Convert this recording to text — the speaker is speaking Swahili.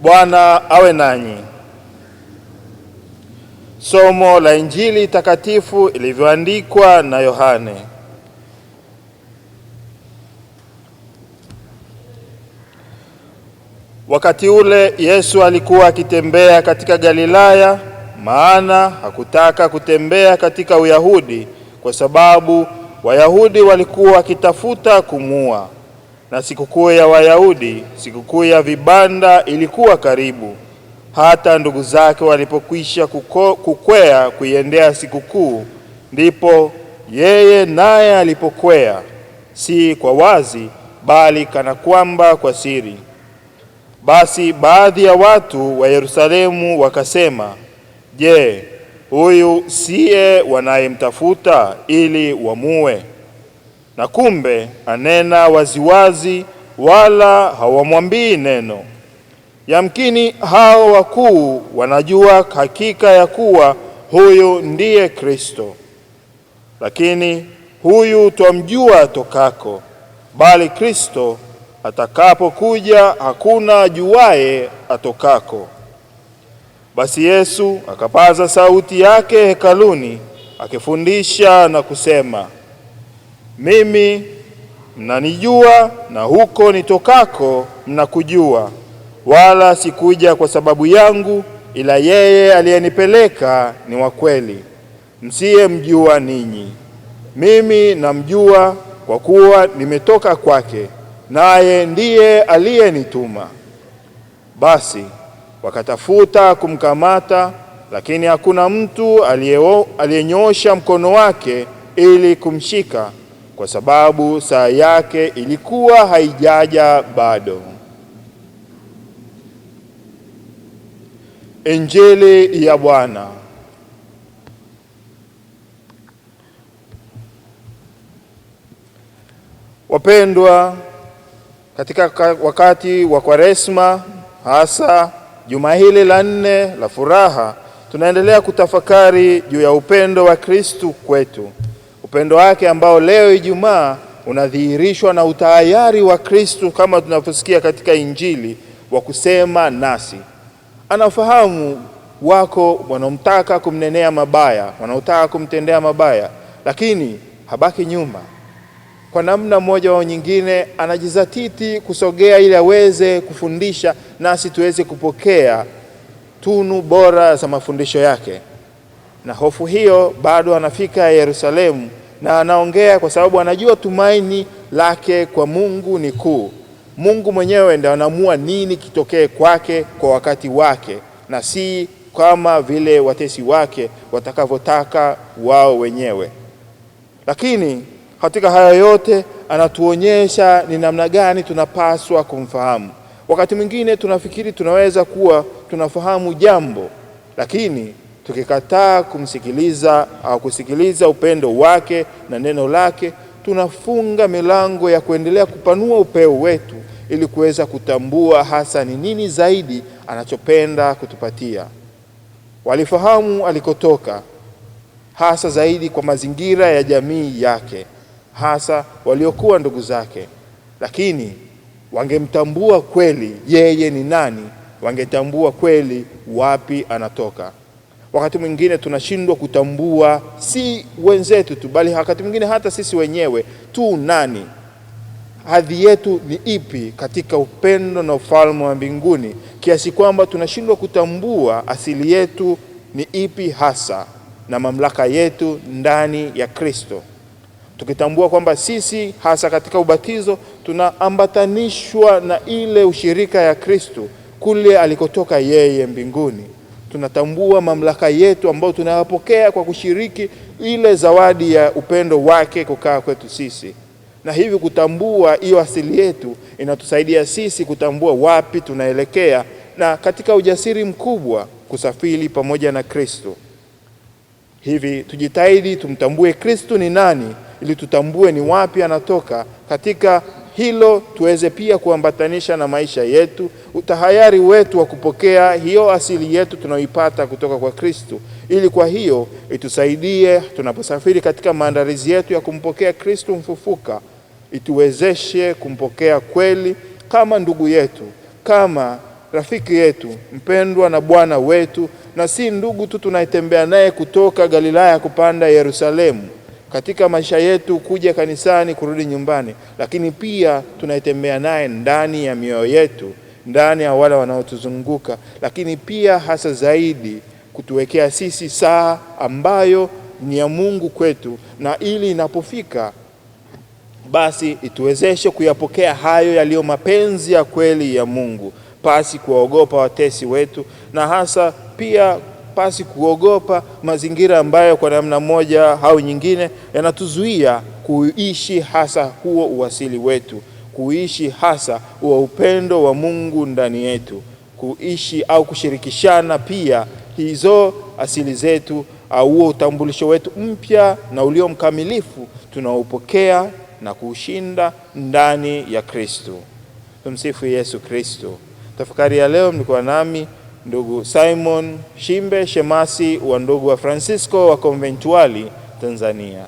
Bwana awe nanyi. Somo la Injili takatifu ilivyoandikwa na Yohane. Wakati ule Yesu alikuwa akitembea katika Galilaya, maana hakutaka kutembea katika Uyahudi kwa sababu Wayahudi walikuwa wakitafuta kumuua na sikukuu ya Wayahudi, sikukuu ya vibanda, ilikuwa karibu. Hata ndugu zake walipokwisha kukwea kuiendea sikukuu, ndipo yeye naye alipokwea, si kwa wazi, bali kana kwamba kwa siri. Basi baadhi ya watu wa Yerusalemu wakasema, Je, huyu siye wanayemtafuta ili wamue? na kumbe anena waziwazi, wala hawamwambii neno. Yamkini hao wakuu wanajua hakika ya kuwa huyu ndiye Kristo, lakini huyu twamjua tokako, bali Kristo atakapokuja hakuna ajuaye atokako. Basi Yesu akapaza sauti yake hekaluni, akifundisha na kusema mimi mnanijua na huko nitokako mnakujua, wala sikuja kwa sababu yangu, ila yeye aliyenipeleka ni wa kweli. Msiyemjua ninyi, mimi namjua, kwa kuwa nimetoka kwake, naye ndiye aliyenituma. Basi wakatafuta kumkamata, lakini hakuna mtu aliyenyoosha mkono wake ili kumshika kwa sababu saa yake ilikuwa haijaja bado. Injili ya Bwana. Wapendwa, katika wakati wa Kwaresma, hasa juma hili la nne la furaha, tunaendelea kutafakari juu ya upendo wa Kristu kwetu upendo wake ambao leo Ijumaa unadhihirishwa na utayari wa Kristo kama tunavyosikia katika Injili wa kusema nasi. Anafahamu wako wanaomtaka kumnenea mabaya, wanaotaka kumtendea mabaya, lakini habaki nyuma. Kwa namna moja au nyingine, anajizatiti kusogea ili aweze kufundisha nasi tuweze kupokea tunu bora za mafundisho yake na hofu hiyo bado anafika Yerusalemu na anaongea kwa sababu anajua tumaini lake kwa Mungu ni kuu. Mungu mwenyewe ndiye anaamua nini kitokee kwake kwa wakati wake, na si kama vile watesi wake watakavyotaka wao wenyewe. Lakini katika haya yote anatuonyesha ni namna gani tunapaswa kumfahamu. Wakati mwingine tunafikiri tunaweza kuwa tunafahamu jambo, lakini Tukikataa kumsikiliza au ah, kusikiliza upendo wake na neno lake, tunafunga milango ya kuendelea kupanua upeo wetu ili kuweza kutambua hasa ni nini zaidi anachopenda kutupatia. Walifahamu alikotoka hasa zaidi kwa mazingira ya jamii yake, hasa waliokuwa ndugu zake, lakini wangemtambua kweli yeye ni nani, wangetambua kweli wapi anatoka wakati mwingine tunashindwa kutambua si wenzetu tu, bali wakati mwingine hata sisi wenyewe tu nani, hadhi yetu ni ipi katika upendo na ufalme wa mbinguni, kiasi kwamba tunashindwa kutambua asili yetu ni ipi hasa na mamlaka yetu ndani ya Kristo, tukitambua kwamba sisi hasa katika ubatizo tunaambatanishwa na ile ushirika ya Kristo kule alikotoka yeye mbinguni tunatambua mamlaka yetu ambayo tunayapokea kwa kushiriki ile zawadi ya upendo wake kukaa kwetu sisi, na hivi kutambua hiyo asili yetu inatusaidia sisi kutambua wapi tunaelekea, na katika ujasiri mkubwa kusafiri pamoja na Kristo. Hivi tujitahidi tumtambue Kristo ni nani, ili tutambue ni wapi anatoka katika hilo tuweze pia kuambatanisha na maisha yetu, utahayari wetu wa kupokea hiyo asili yetu tunaoipata kutoka kwa Kristo, ili kwa hiyo itusaidie tunaposafiri katika maandalizi yetu ya kumpokea Kristo mfufuka, ituwezeshe kumpokea kweli kama ndugu yetu, kama rafiki yetu mpendwa na Bwana wetu, na si ndugu tu tunayetembea naye kutoka Galilaya kupanda Yerusalemu katika maisha yetu, kuja kanisani, kurudi nyumbani, lakini pia tunaitembea naye ndani ya mioyo yetu, ndani ya wale wanaotuzunguka, lakini pia hasa zaidi kutuwekea sisi saa ambayo ni ya Mungu kwetu, na ili inapofika basi ituwezeshe kuyapokea hayo yaliyo mapenzi ya kweli ya Mungu pasi kuwaogopa watesi wetu na hasa pia hatupasi kuogopa mazingira ambayo kwa namna moja au nyingine yanatuzuia kuishi hasa huo uasili wetu, kuishi hasa wa upendo wa Mungu ndani yetu, kuishi au kushirikishana pia hizo asili zetu au huo utambulisho wetu mpya na ulio mkamilifu tunaopokea na kuushinda ndani ya Kristo. Tumsifu Yesu Kristo. Tafakari ya leo mlikuwa nami ndugu Simon Shimbe Shemasi wa ndugu wa Francisco wa conventuali Tanzania.